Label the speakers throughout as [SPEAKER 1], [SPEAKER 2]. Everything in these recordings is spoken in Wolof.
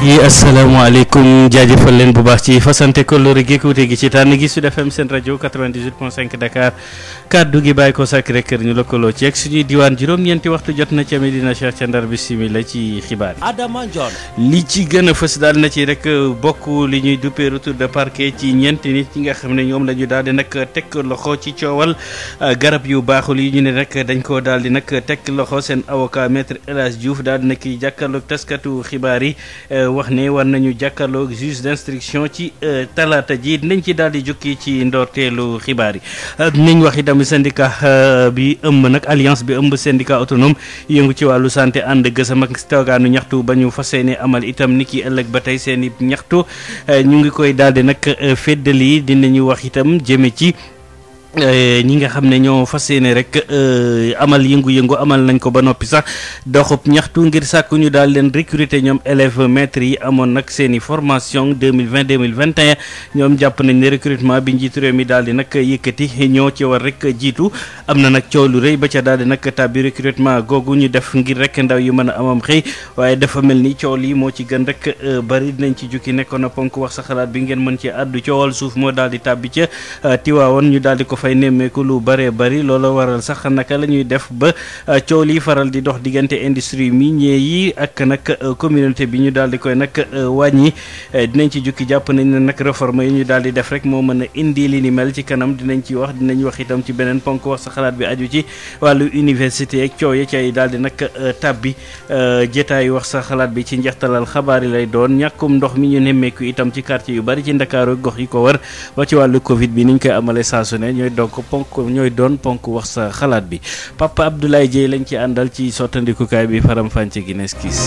[SPEAKER 1] mbokk yi asalaamaaleykum jaajëfal leen bu baax ci fasante kóllëre gi kuute gi ci tànn gi Sud FM seen rajo 98.5 Dakar kaddu gi bàyyi ko Sacré-Cœur ñu lëkkaloo ci ak suñuy diwaan juróom-ñeenti waxtu jot na ca Medina Cheikh ca Ndar bisimilah ci xibaar yi. Adama Ndione. li ci gën a fës daal na ci rek bokk li ñuy duppee retour de parquet ci ñeenti nit ñi nga xam ne ñoom lañu ñu daal di nag teg loxo ci coowal garab yu baaxul yi ñu ne rek dañ koo daal di nag teg loxo seen avocat maître El Hadj Diouf daal di nag jàkkaarloog taskatu xibaar yi. wax ne war nañu jàkkaloo ak juge d'instruction ci euh, talaata ji dinañ ci daal di jukki ci ndoorteelu xibaar yi euh, dinañ wax itam syndicat euh, bi ëmb nag alliance bi ëmb syndicat autonome yëngu ci wàllu santé ànd gësam ak toogaanu ñaxtu ba ñu fas yéene amal itam ni ki ëllëg ba tey seen i ñaxtu ñu ngi koy daal di nag féddali dinañu wax itam jëme ci Eh, ñi nga xam ne ñoo fas yéene rek eh, amal yëngu-yëngu amal nañ ko ba noppi sax doxub ñaxtu ngir sàkk ñu daal leen recruter ñoom élèves maîtres yi amoon nag seen i formation 2020 2021 ñoom jàpp nañ ne recrutement bi njiitu réew mi daal di nag yëkkati ñoo ci war rek jiitu am na nag coow lu rëy ba ca daal di nag tàbbi recrutement googu ñu def ngir rek ndaw yi mën a amam xëy waaye dafa mel ni coow lii moo ci gën rek eh, bari dinañ ci jukki nekkoon na ponk wax sa xalaat bi ngeen mën ci àddu coowal suuf moo daal di tàbbi ca Tiwaawoon fay nemmeeku lu bëree bëri loola waral sax naka la ñuy def ba euh, coow li faral di dox diggante industrie minier yi ak nag euh, communauté bi ñu daal di koy nag euh, wàññi dinañ ci jukki jàpp nañ ne nag réforme yi ñu daal di def rek moo mën a indi li ni mel ci kanam dinañ ci wax dinañ wax itam ci beneen ponk wax sa xalaat bi aju ci wàllu université ak coow ya cay daal di nag tàbbi jotaayu wax sa xalaat bi ci njeextalal xabaar yi lay doon ñàkkum ndox mi ñu nemmeeku itam ci quartier yu bari ci ndakaaru gox yi ko donc ponk ñooy doon ponk wax sa xalaat bi Papa Abdoulaye Dieye lañ ci àndal ci sottandikukaay bi faram fànce Guinness Kiss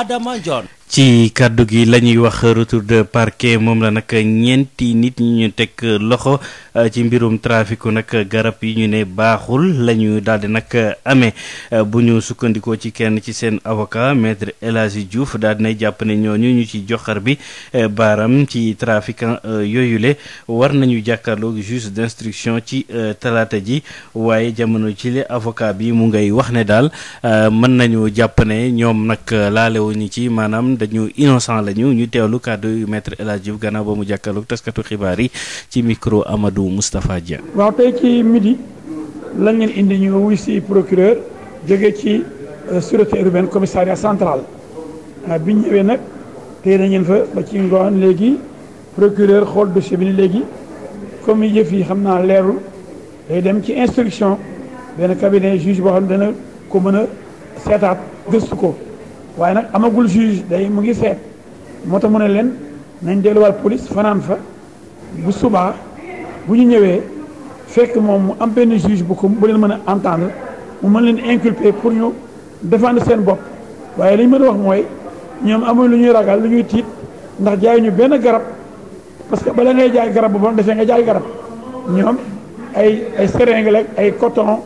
[SPEAKER 1] Adama Ndione ci kàddu gi la ñuy wax retour de parquet moom la nag ñeenti nit ñu teg loxo euh, ci mbirum trafic nag garab yi ñu ne baaxul la ñu daal nag amee euh, bu ñu sukkandikoo ci kenn ci seen avocat maître El Hadji Diouf daal nay jàpp ne ñooñu ñu ci joxar bi euh, baaram ci trafiquant yooyule war nañu jàkkaarloog juge d'instruction ci talaata ji waaye jamono ci le avocat bi mu ngay wax ne daal mën nañu jàpp ñoom nag laalewuñu ci maanaam. xamante ñu innocent lañu ñu lu kàddu yu maître El Hadj gannaaw ba mu jàkkaarloog taskatu xibaar yi ci micro Amadou Moustapha Dia.
[SPEAKER 2] waaw tey ci midi lañ leen indi ñu wuy si procureur jóge ci euh, sûreté urbaine commissariat central euh, bi ñu ñëwee nag tey dañ fa ba ci ngoon léegi procureur xool dossier bi ni léegi comme yëf yi xam naa leeru day dem ci instruction benn cabinet juge boo xam ne dana ko mën a seetaat gëstu ko. waaye nag amagul juge day mu ngi seet moo tax mu ne leen nañ delluwaat polis fanaan fa bu subaa bu ñu ñëwee fekk moom mu am benn juge bu ko bu leen mën a entendre mu mën leen inculper pour ñu défendre seen bopp waaye li mën a wax mooy ñoom amuñ lu ñuy ragal lu ñuy tiit ndax jaayuñu benn garab parce que bala ngay jaay garab bu bon defee nga jaay garab ñoom ay ay seringue ay koton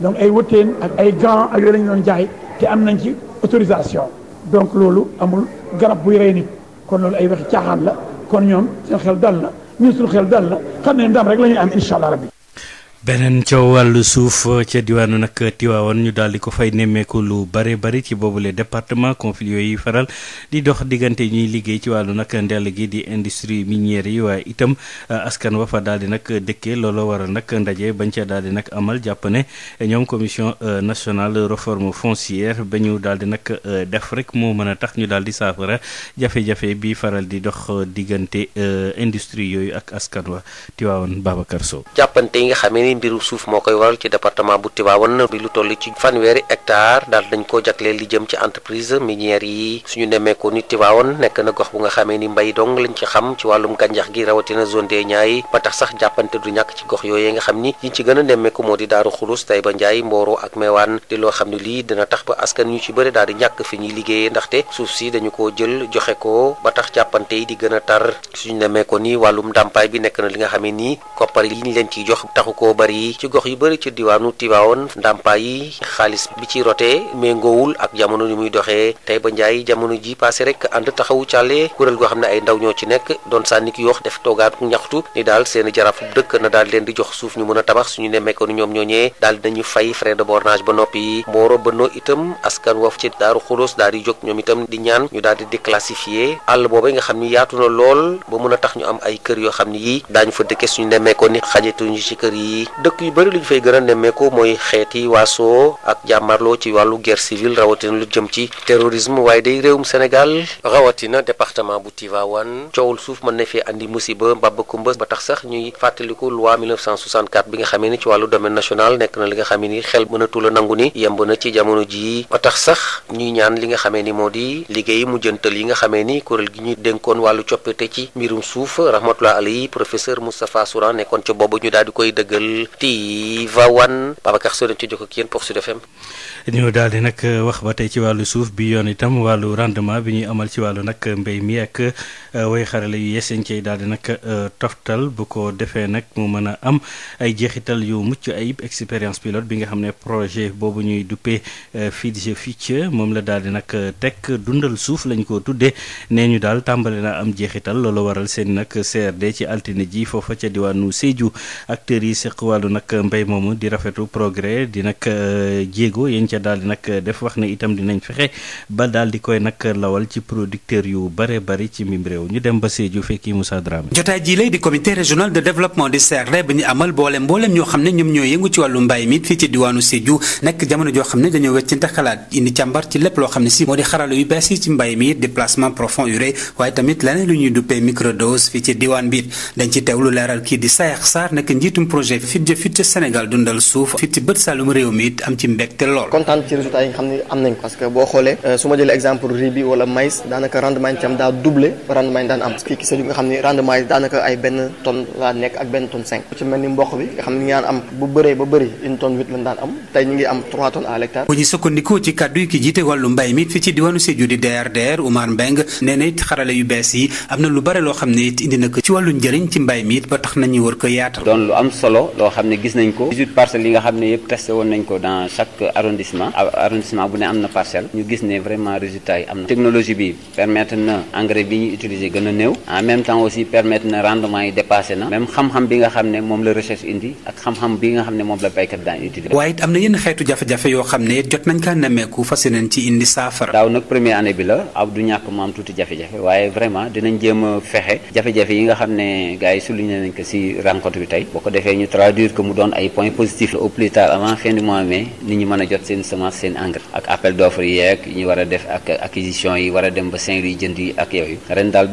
[SPEAKER 2] donc ay wëteen ak ay gants ak yooyu lañu doon jaay te am nañ ci autorisation donc loolu amul garab buy rey nit kon loolu ay waxi caaxaan la kon ñoom seen xel dal na ñun suñu xel dal na xam ne ndam rek la ñuy am incha allah rabbi
[SPEAKER 1] beneen coow wàllu suuf ca diwaanu nag Tiwaawan ñu daal di ko fay nemmeeku lu bare bari ci boobule département conflit yooyu faral di dox diggante ñuy liggéey ci wàllu nag ndell gi di industrie minière yi waaye itam euh, askan wa daal di nag dëkkee looloo waral nag ndaje bañ ca daal di nag amal jàpp ne ñoom commission euh, nationale reforme foncière ba ñu daal di nag euh, def rek moo mën a tax ñu daal di saafara jafe-jafe bi faral di dox diggante industrie yooyu ak askan wa Tiwaawan Babacar
[SPEAKER 3] Sow. ay mbiru suuf moo koy waral ci département bu Tivaouane bi lu toll ci fanweeri hectare daal dañ ko jagleel li jëm ci entreprise minière yi suñu nemmeekoo ni Tivaouane nekk na gox bu nga xamee ni mbay dong lañ ci xam ci wàllum gàncax gi rawatina zone des Niayes ba tax sax jàppante du ñàkk ci gox yooyu nga xam ni yiñ ci gën a nemmeeku moo di Daaru Xulus Taïba Ndiaye Mboro ak Mewane di xam ne lii dina tax ba askan ñu ci bëri daal ñàkk fi ñuy liggéeyee a tar suñu bari yi ci gox yu bari ci diwaanu Tivaouane ndàmpaay yi xaalis bi ci rote méngoowul ak jamono ni muy doxee tey ba njaay jamono ji passé rek ànd taxawu càlle kuréel goo xam ne ay ndaw ñoo ci nekk doon sànni ki yoox def toogaat ñaxtu ni daal seen jaraafu dëkk na daal leen di jox suuf ñu mën a tabax suñu nemmeekoon ñoom ñooñee daal dinañu fay frais de bornage ba noppi Mboro Benno itam askan woof ci Daaru Xuloos daal di jóg ñoom itam di ñaan ñu daal di déclassifier àll booba nga xam ni yaatu na lool a tax ñu am ay kër yoo xam ne yii daañu fa dëkk yu bëri lu ñu fay gën a nemmeeku mooy xeeti waasoo ak jàmmarloo ci wàllu guerre civile rawatina lu jëm ci terrorisme waaye day réewum Sénégal rawatina département bu Tivaouane coowul suuf mën na fee andi musiba mbabba kumba ba tax sax ñuy fàttaliku loi 1964 bi nga xamee ni ci wàllu domaine national nekk na li nga xamee ni xel mënatu la nangu ni yemb na ci jamono jii ba tax sax ñuy ñaan li nga xamee ni moo di liggéey mujjantal yi nga xamee ni kuréel gi ñu dénkoon wàllu coppite ci mbirum suuf rahmatullah alayhi professeur Moustapha Souran nekkoon ca boobu ñu daal di koy dëggal Tivaouane Babacar Sow dañ ci jokkoo ak yéen pour Sud FM.
[SPEAKER 1] ñu daal di nag wax ba tey ci wàllu suuf bi yoon itam wàllu rendement bi ñuy amal ci wàllu nag mbéy mi Euh, way xarale yu yees yañ cay daal di nag euh, toftal bu ko defee nag mu mën a am ay jeexital yu mucc ay expérience pilote bi nga xam ne projet boobu ñuy duppee euh, Feed the Future moom la daal di nag teg dundal suuf lañ ko tuddee nee ñu daal tàmbali na am jeexital loolu waral seen nag CRD ci altine ji foofa ca diwaanu Sédhiou acteurs yi seq wàllu nag mbéy moomu di rafetu progrès di nag jéego yañ ca daal di nag def wax ne itam dinañ fexe ba daal di koy nag lawal ci producteurs yu bare bari ci mim yow ñu dem ba Sédhiou fekki Moussa Dramé.
[SPEAKER 4] jotaay jii lay di comité régional de développement du CRD bi ñu amal mboolem mboolem ñoo xam ne ñoom ñoo yëngu ci wàllu mbay mi fii ci diwaanu Sédhiou nekk jamono joo xam ne dañoo weccante xalaat indi càmbar ci lépp loo xam ne si moo di xarala yu bees yi ci mbay mi déplacement profond urée waaye tamit leneen lu ñuy duppee microdose fii ci diwaan bi dañ ci teewlu leeral kii di Sayax Sarr nekk njiitum
[SPEAKER 5] rendement yi daan am fii ki sëñ bi nga xam ne rendement yi daanaka ay benn tonne laa nekk ak benn tonne cinq ci mel ni mboq bi nga xam ne ñu daan am bu bëree ba bëri une tonne huit lañ daan
[SPEAKER 4] yi yu bees yi am na lu bare loo xam ne it indi na ko ci wàllu njëriñ ci mbay mi ba tax nañu war ko yaatal doon lu am solo loo xam ne gis nañ ko 18 parcelles yi nga xam ne yëpp testé woon nañ ko dans chaque arrondissement arrondissement bu ne am na parcelle ñu gis ne vraiment résultat yi am na technologie bi permettre na engrais bi ñuy yi gën néew en même temps aussi permettre na rendement yi dépassé na même xam-xam bi nga xam ne moom la recherche indi ak xam-xam bi nga xam ne moom la béykat daan utiliser waaye it am na yenn xeetu jafe-jafe yoo fexe jafe-jafe yi nga xam ne gars yi souligné nañ ko si rencontre bi tey boo ko defee ñu traduire que mu doon ay points positifs au plus tard avant fin du mois nit ñi mën a jot seen semence seen engrais ak appel d'offre yi yeeg ñu war a def ak acquisition yi war a dem ba Saint-Louis ak yooyu ren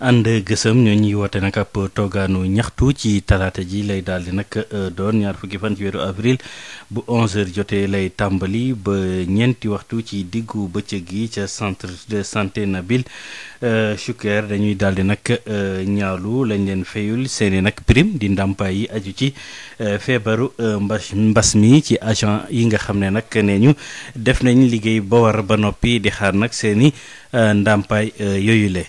[SPEAKER 1] ànd gësëm ñoo ñuy woote nag ab toogaanu ñaxtu ci talaata ji lay daal di nag euh, doon ñaar fukki fan ci avril bu 11 jotee lay tàmbali ba ñeenti waxtu ci diggu bëccëg gi ca centre de santé Nabil Choucair euh, dañuy daal di nag euh, ñaalu lañ leen fayul seeni nag prime di ndàmpaay yi aju ci feebaru mbas mbas mi ci agent yi nga xam ne nag neeñu def nañu liggéey ba war ba noppi di xaar nag seeni Euh, ndàmpaay euh, yooyule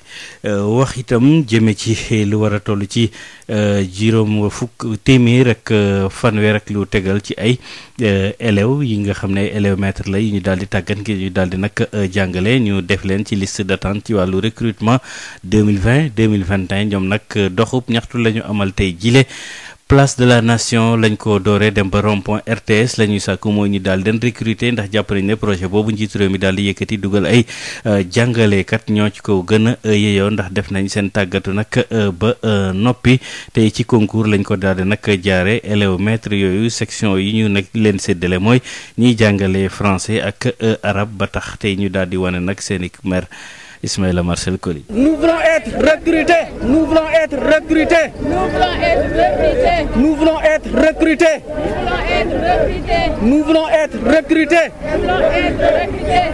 [SPEAKER 1] euh, wax itam jëme ci lu war a toll ci juróom fukk téeméer ak fanweer ak lu tegal ci ay élèves yi nga xam ne ay élèves maître la ñu daal di tàggat ngir ñu daal di nag jàngale ñu def leen ci liste d'attente ci wàllu deux vingt recrutement 2020 2021 ñoom nag doxub ñaxtu la ñu amal tey jile place de la nation lañ ko dooree dem ba rond point RTS la ñuy sàkk mooy ñi daal den recruter ndax jàpp ne projet boobu njiitu réew mi daal di yëkkati dugal ay euh, jàngaleekat ñoo ci ko gën a euh, yeyoo ndax def nañ seen tàggatu nag euh, ba noppi tey ci concours lañ ko daal di nag jaare élève maître yooyu section yi ñu nag leen séddale mooy ñiy jàngalee français ak arab ba tax tey ñu daal di wane nag seeni mer Ismaïla Marcel Coly. Nous voulons être recrutés. Nous voulons être recrutés. Nous voulons Nous voulons être recrutés.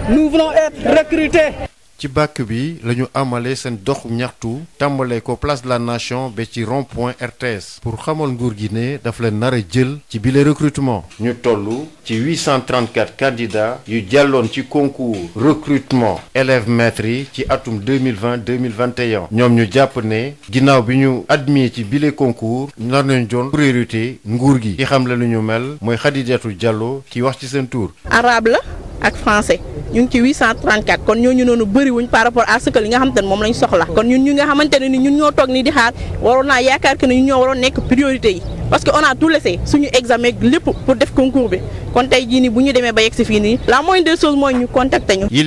[SPEAKER 6] Nous voulons être recrutés. ci bàkk bi la ñu amale seen doxu ñaxtu tàmbale ko place de la nation ba ci rond RTS pour xamal nguur gi ne dafa leen nar a jël ci bile recrutement. ñu tollu ci 834 candidats yu jàlloon ci concours recrutement élèves maîtres yi ci atum 2020 2021 ñoom ñu jàpp ne ginnaaw bi ñu admis ci bile concours nar nañu doon priorité nguur gi. xam la lu ñu mel mooy Khadijatou Diallo ki wax ci seen tur.
[SPEAKER 7] arabe la ak français. ñu ngi ci 834 kon ñooñu noonu bëri wuñ par rapport à ce que li nga xamante moom lañ soxla kon ñun ñu nga xamante ni ñun ñoo toog nii di xaar waroon naa yaakaar que ne ñoo waroon nekk priorité yi parce on a tout laissé suñu examen lépp pour def concours bi kon tey jii nii bu ñu demee ba yegg si fii nii la moindre des choses mooy ñu contacter ñu.
[SPEAKER 6] yi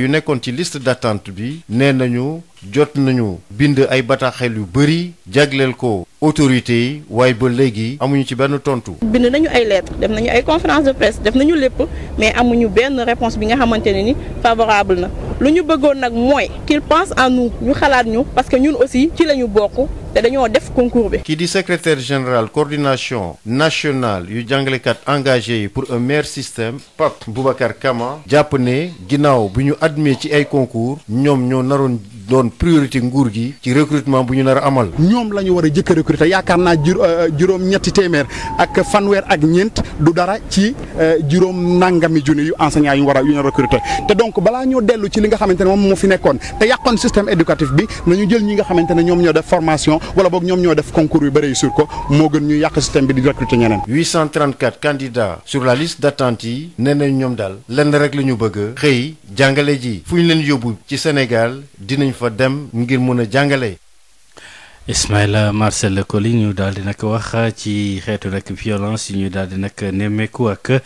[SPEAKER 6] yu nekkoon ci liste d'attente bi nee nañu. jot nañu bind ay bataaxel yu bëri jagleel ko autorité yi waaye ba léegi amuñu ci benn tontu.
[SPEAKER 7] bind nañu ay lettres def nañu ay conférence de presse def nañu lépp mais amuñu benn réponse bi nga xamante ne ni favorable na lu ñu bëggoon nag mooy qu'il pense à nous xalaat ñu parce que ñun aussi ci la ñu bokk. te dañoo def concours
[SPEAKER 6] bi. kii di secretaire général coordination nationale yu jàngalekat engagé yi pour un meilleur système Pape Boubacar Kama jàpp ne ginnaaw bu ñu admis ci ay concours ñoom ñoo naroon doon priorité nguur gi ci recrutement bu ñu nar a amal. ñoom la ñu war a jëkk a recruter yaakaar na euh, juróom ñetti téeméer ak fanweer ak ñeent
[SPEAKER 8] du dara ci euh, juróom nangami junni yu enseignants yu war a yu ñu recruter te donc balaa ñoo dellu ci li nga xamante ne moom moo fi nekkoon te yàqoon système éducatif bi nañu jël ñi nga xamante ne ñoom ñoo def wala boog ñoom ñoo def concours bi ba réussir ko moo gën ñuy yàq système bi di recruter ñeneen.
[SPEAKER 6] 834 candidats sur la liste d'attente yi ne nañ ñoom daal lenn rek la ñu bëgg xëy jàngale ji fu ñu leen yóbbu ci senegal dinañ fa dem ngir mun a jàngale.
[SPEAKER 1] Ismaïla Marcel Colly ñu daal di nag wax ci xeetu nag violence yi ñu daal di nag nemmeeku ak.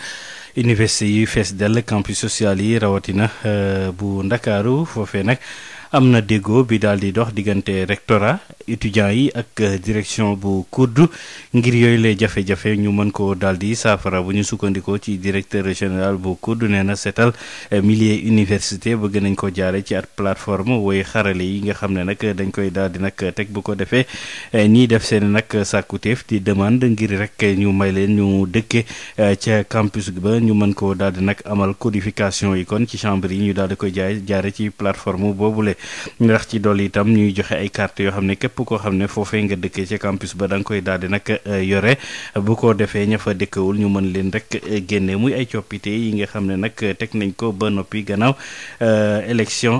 [SPEAKER 1] université yi fees dell campus social yi rawatina euh, bu Ndakaaru foofee nag am na déggoo bi daal di dox diggante rectorat étudiants yi ak euh, direction bu kudd ngir yooyu lay jafe-jafe ñu mën ko daal di saafara bu ñu sukkandikoo ci directeur général bu COUD nee na seetal euh, milliers université bëgg nañ ko jaare ci at plateforme wooy xarale yi nga xam ne nag dañ koy daal di nag teg bu ko defee euh, ñiy def seen nag sàkkuteef di demande ngir rek ñu may leen ñu dëkke ca campus ba ñu mën ko daal nag amal codification yi kon ci chambre yi ñu daal di koy jaay jaare ci plateforme boobule ndax ci dolli itam ñuy joxe ay carte yoo xam ne képp koo xam ne foofee nga dëkkee ci campus ba da koy daal nag euh, yore bu ko defee ña fa ñu mën leen rek euh, génne muy ay coppite yi nga xam ne nag euh, teg nañ ko ba noppi gannaaw élection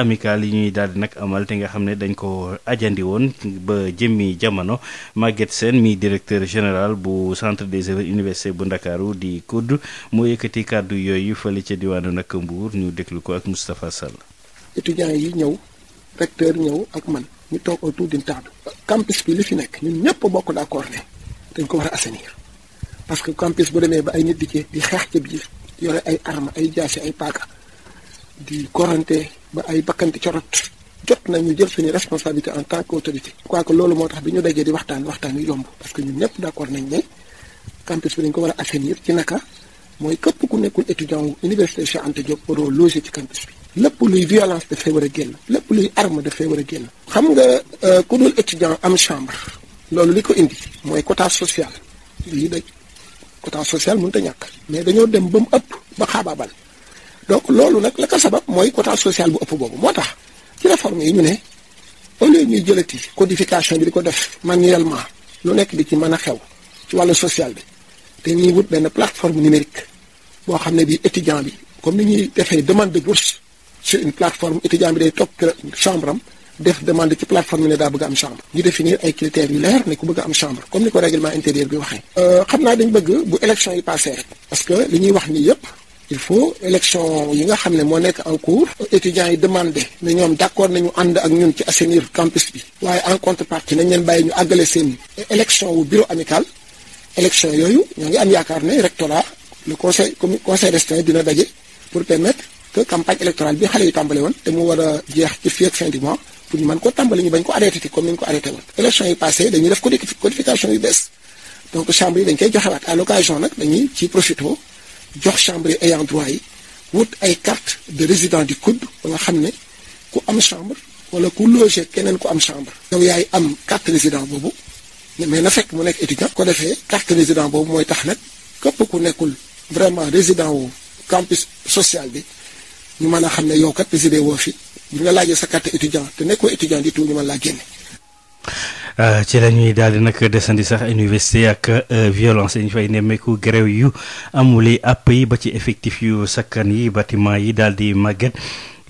[SPEAKER 1] amicale yi ñuy daal di nag amal te nga xam ne dañ ko ajandi woon ba jëmmi jamono màgget seen mi directeur général bu centre de œuvres université bu Ndakaaru di COUD moo yëkkati kàddu yooyu fële ca diwaanu nag Mbuur ñu déglu ko ak Moustapha Sall
[SPEAKER 5] étudiants yi ñëw recteur ñëw ak man ñu toog autour d'une table campus bi li fi nekk ñun ñëpp bokk d'accord ne dañ ko war a assainir parce que campus boo demee ba ay nit di ci di xeex ci biir yore ay armes ay jaasi ay paaka di korante ba ay bakkanti corot jot nañu jël suñu responsabilité en tant qu'autorité quoi que loolu moo tax bi ñu dajee di waxtaan waxtaan yu yomb parce que ñun ñëpp d'accord nañ ne campus bi dañ ko war a assainir ci naka mooy képp ku nekkul étudiant wu université Cheikh Anta Diop waroo ci campus bi lépp luy violence dafay war a génn lépp luy arme dafay war a génn xam nga euh, ku dul étudiant am chambre loolu li ko indi mooy quota sociale lii daj quota sociale mënut te ñàkk mais dañoo dem ba mu ëpp ba xaabaabal donc loolu nag la ko sabab mooy quota sociale bu ëpp boobu moo tax ci réforme yi ñu ne au lieu ñuy jëlati codification bi di ko def manuellement lu nekk di ci mën a xew ci wàllu social bi te ñuy wut benn plateforme numérique boo xam ne bii étudiant bi comme ni ñuy defee demande de ci une plateforme étudiant bi day toog chambre am def demande ci plateforme bi ne daa bëgg am chambre ñu définir ay critères yu leer ne ku bëgg am chambre comme ni ko règlement intérieur bi waxee. Euh, xam naa dañ bëgg bu élection yi passé rek parce que li ñuy wax nii yëpp il faut élection yi nga xam ne moo nekk en cours étudiants yi demandé ne ñoom d' accord nañu ànd ak ñun ci assainir campus bi waaye en contrepartie nañ leen bàyyi ñu àggale seen élection wu bureau amical élection yooyu ñoo am yaakaar ne rectorat le conseil conseil restreint dina daje pour permettre. que campagne électorale bi xale yi tàmbale woon te mu war a jeex ci fii ak fin du mois pour ñu mën ko tàmbale ñu bañ ko arrêté ti comme ni ñu ko arrêté woon élection yi passé dañuy def codification yu bees donc chambre yi dañ koy joxewaat à l'occasion nag dañuy ci profito jox chambre yi ayant droit yi wut ay carte de résident du COUD ba nga xam ne ku am chambre wala ku logé keneen ku am chambre yow yaay am carte résident boobu mais na fekk mu nekk étudiant ko defee carte boobu mooy tax nag képp ku nekkul vraiment résident wu campus social bi ñu mën a xam ne yow kat résidé woo fi bu nga laajee sa carte étudiant te nekkoo étudiant di tout ñu mën laa génne.
[SPEAKER 1] Euh, ci la ñuy daal di nag desandi sax université ak euh, violence yi ñu fay nemmeeku grève yu amuli àpp yi ba ci effectif yu sakkan yi bâtiment yi daal di màgget.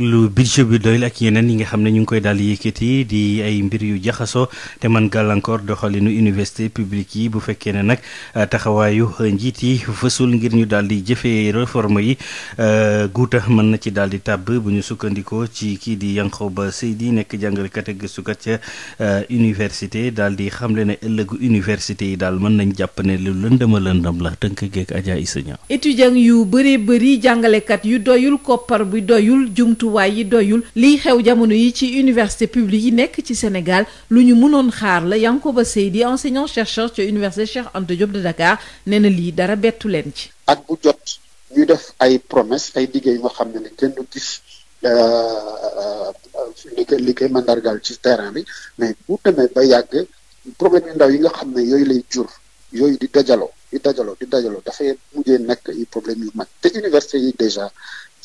[SPEAKER 1] lu budget bi doyul ak yeneen yi nga xam ne ñu ngi koy daal di yëkkati di ay mbir yu jaxasoo te man gàllankoor doxalinu université publique yi bu fekkee ne nag euh, taxawaayu njiit yi fësul ngir ñu daal di jëfee réforme yi euh, guuta mën na ci daal di tàbb bu ñu sukkandikoo ci kii di ba Yankhoba di nekk jàngalekat ak gëstukat ca euh, université daal di xamle ne ëllëgu université yi daal mën nañ jàpp ne lu lëndama lëndam la tënk geeg Adja Issa
[SPEAKER 7] Niang yu bëree bëri jàngalekat jumtuwaay yi doyul liy xew jamono yi ci université publique yi nekk ci Sénégal lu ñu mënoon xaar la Yankoba Seydi enseignant chercheur ci université Cheikh Anta Diop de Dakar nee na lii dara bettu leen ci.
[SPEAKER 8] ak bu jot ñu def ay promesse ay liggéey yoo xam ne kenn du gis. Euh, euh, li koy li koy mandargaal ci terrain bi mais bu demee ba yàgg problème yu ndaw yi nga xam ne yooyu lay jur yooyu di dajaloo di dajaloo di dajaloo dafay mujjee nekk yi problème yu mag te université yi déjà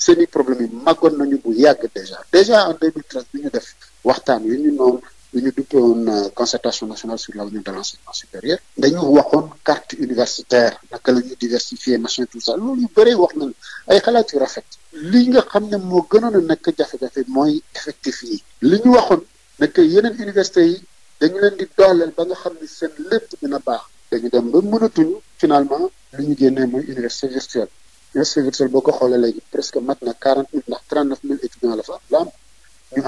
[SPEAKER 8] seen i problème yi màggoon nañu bu yàgg déjà déjà en 2013 ñu def waxtaan yu ñu noonu yu ñu duppee woon euh, concertation nationale sur l'avenir de l'enseignement supérieur dañu waxoon carte universitaire naka la ñuy diversifier machin tout ça loolu yu bëree wax nañu ay xalaat yu rafet li nga xam ne moo gënoon a nekk jafe-jafe mooy effectif yi li ñu waxoon nekk yeneen université yi dañu leen di dooleel ba nga xam ni seen lépp dina baax dañu dem ba mënatuñu finalement lu ñu génnee mooy université virtuelle institut virtuel boo ko xoolee léegi presque mat na quarante mille ndax trente neuf mille étudiants la fa la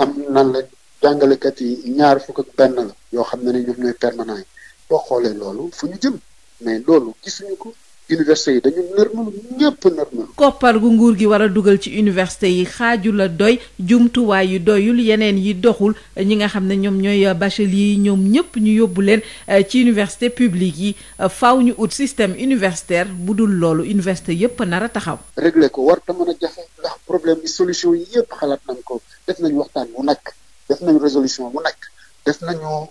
[SPEAKER 8] am nan la jàngalekat yi ñaar fukk ak benn la yoo xam ne ne ñoom ñooy permanent yi boo xoolee loolu fu ñu jëm mais loolu gisuñu ko université yi dañu nërmal
[SPEAKER 7] ñëpp nërmal koppar gu nguur gi war a dugal ci université yi xaaju la doy jumtuwaay yu doyul yeneen yi doxul ñi nga xam ne ñoom ñooy bachelier yi ñoom ñëpp ñu yóbbu leen eh, ci université publique yi eh, faw ñu ut système universitaire bu dul loolu université yëpp nar a taxaw
[SPEAKER 8] réglé ko war te mën a jafe ndax problème bi solution yi yëpp xalaat nañ ko def nañu waxtaan bu nekk def nañ résolution bu nekk def nañu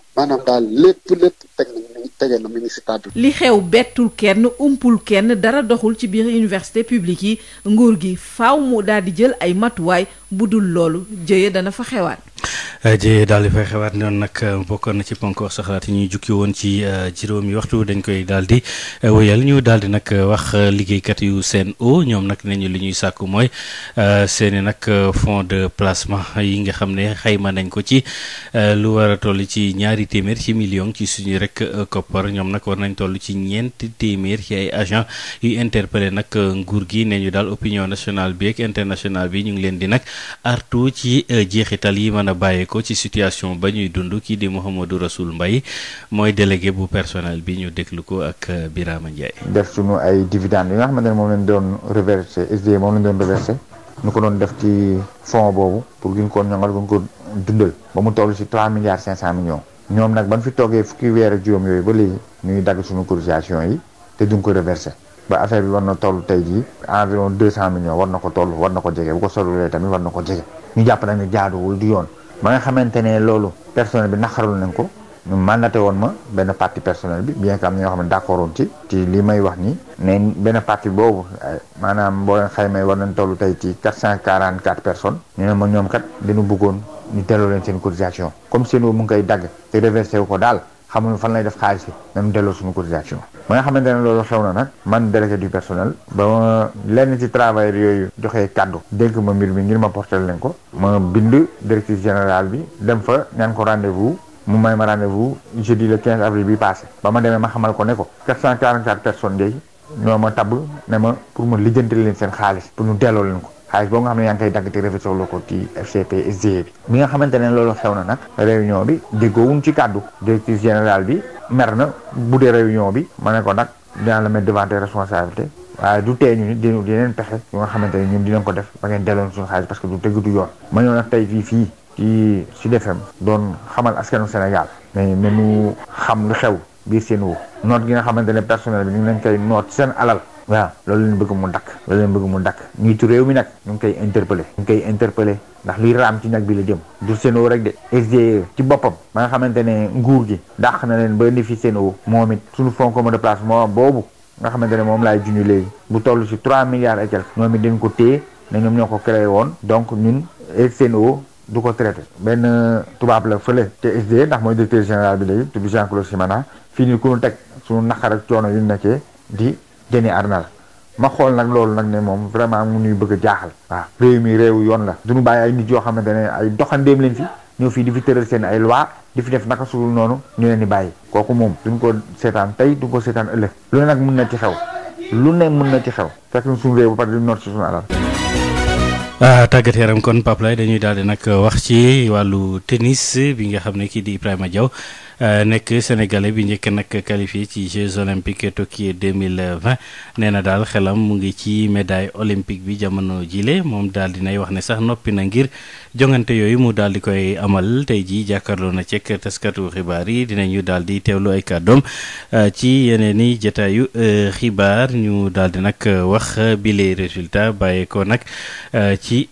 [SPEAKER 7] li xew bettul kenn umpul kenn dara doxul ci biir université publique yi nguur gi faaw mu daal di jël ay matuwaay bu dul loolu jëye dana fa xewaat.
[SPEAKER 1] Euh, jëye daal di fay xewaat noonu nag euh, bokkoon na ci ponk wax sa xalaat yi ñuy jukki woon ci euh, juróomi waxtu dañ koy daal di wéyal ñu daal di nag wax liggéeykat yu Sen'Eau ñoom nag nañu li ñuy sàkku mooy seeni nag fonds de placement yi nga xam ne xayma nañ ko ci lu war a toll ci ñaari téeméer ci million ci suñu rek koppar ñoom nag war nañ toll ci ñeenti téeméer ci agent yu interpellé nag nguur gi ne ñu daal opinion nationale bi ak internationale bi ñu ngi leen di nag. artu ci euh, jeexital yi mën a ko ci situation ba ñuy dund kii di Mouhamadou Rassoul mbay mooy délégué bu personnel bi ñu déglu ko ak euh, Birama Ndiaye. def
[SPEAKER 9] suñu ay dividendes yi nga xamante ne moom leen doon reversé SDE moom lañ doon reversé nu ko doon def ci fonds boobu pour gën ko ñoŋal gën ko dundal ba mu toll ci trois milliards cinq cent millions. ñoom nag ban fi toogee fukki weer ak juróom yooyu ba léegi ñuy dagg suñu cotisation yi te duñ ko reversé. ba affaire bi war na toll tey jii environ deux cent millions war na ko toll war na ko jege bu ko solulee tamit war na ko jege ñu jàpp nag ne jaaduwul du yoon ma nga xamante ne loolu personnel bi naqarul nañ ko ñu mandaté woon ma benn partie personnel bi bien que am na ñoo xam ne d'accordoon ci ci li may wax nii ne benn partie boobu maanaam boo leen xaymay war nañ toll tey ci quatre cent quarante quatre personnes ñu ne ma ñoom kat dañu bëggoon ñu delloo leen seen cotisation comme seen mu ngi koy dagg te wu ko daal xamuñu fan lay def xaalis bi même delloo suñu cotisation ba nga xamante ne loolu xew na nag man délégué du personnel ba ma lenn ci travailleur yooyu joxe kàddu dénk ma mbir mi ngir ma portel leen ko ma bind directrice général bi dem fa ñaan ko rendez-vous mu may ma rendez-vous jeudi le 15 avril bi passé ba ma demee ma xamal ko ne ko 444 personnes day ñoo ma tabb ne ma pour ma lijjanti leen seen xaalis pour ñu delloo leen ko xaalis boo nga xam ne yaa ngi koy dagg te refet soxla ci FCP SDE bi nga xamante ne loolu xew na nag réunion bi déggoowuñ ci kàddu directrice général bi mer na bu dee réunion bi ma ne ko nag dinaa la mettre devant des responsabilités waaye du tee ñu nit yeneen pexe yu nga xamante ne ñun dinañ ko def ba ngeen delloon suñu xaalis parce que du dëgg du yoon ma ñëw nag tey fii fii ci Sud FM doon xamal askanu Sénégal mais nañu xam lu xew biir seen wu noot gi nga xamante ne personnel bi ñu ngi noot seen alal waaw loolu leen bëgg mu dakk loolu leen bëgg mu dakk ñiitu réew mi nag ñu ngi koy interpellé ñu ngi koy interpellé ndax luy raam ci nag bi la jëm du o rek de SDE ci boppam ba nga xamante ne nguur gi ndax na leen ba ni fi Sen'Eau moom it suñu fonds commun de placement boobu nga xamante ne moom laay junj léegi bu toll ci trois milliards et quelque ñoom it ko téye ne ñoom ñoo ko créé woon donc ñun Sen'Eau du ko traité benn tubaab la fële te SDE ndax mooy directeur général bi léegi tudd Jean Claude Simana fii nii ku ñu teg suñu naqar ak coono yu nekkee di jëni armel ma xool nag loolu nag ne moom vraiment mu nuy bëgg a jaaxal waaw réew mii réew yoon la duñu bàyyi ay nit yoo xamante ne ay doxandeem leen fi ñëw fii di fi tëral seen ay loi di fi def naka sudul noonu ñu leen di bàyyi kooku moom duñ ko seetaan tey duñ ko seetaan ëllëg lu nag mun na ci xew lu ne mun na ci xew fekk suñu réew ba pare di noot si suñu alal
[SPEAKER 1] ah tàggat yaram kon Pape Lay dañuy daal di nag wax ci wàllu tennis bi nga xam ne kii di Ibrahima Diaw Euh, nekk sénégalais bi njëkk nag qualifié ci Jeux olympiques Tokyo 2020 nee na daal xelam mu ngi ci médaille olympique bi jamono jile moom daal dinay wax ne sax noppi na ngir jongante yooyu mu daal di koy amal tey jii jàkkaarloo na cek taskatu xibaar yi dinañu daal di teewlu ay kàddoom euh, ci yeneen i jotaayu euh, xibaar ñu daal di nag wax bile résultat bàyyeekoo nag ci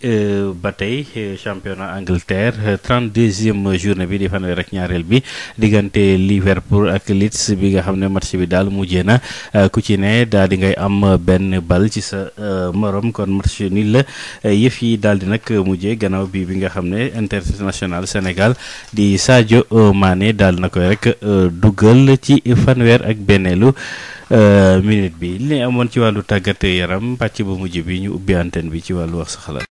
[SPEAKER 1] ba tey championnat Angleterre 32e journée bi di fanweer ak ñaareel bi diggante Liverpool ak Leeds bi nga xam ne match bi daal mujjee na euh, ku ci ne daal di ngay am benn bal ci sa euh, morom kon match ni la euh, yëf yi daal di nag mujje gannaaw bi bi nga xam ne international Sénégal di Sadio Mané daal na koy rek dugal ci fanweer ak benneelu minute bi li amoon ci wàllu tàggate yaram pàcc bu mujj bi ñu ubbi antenne bi ci wàllu wax sa xalaat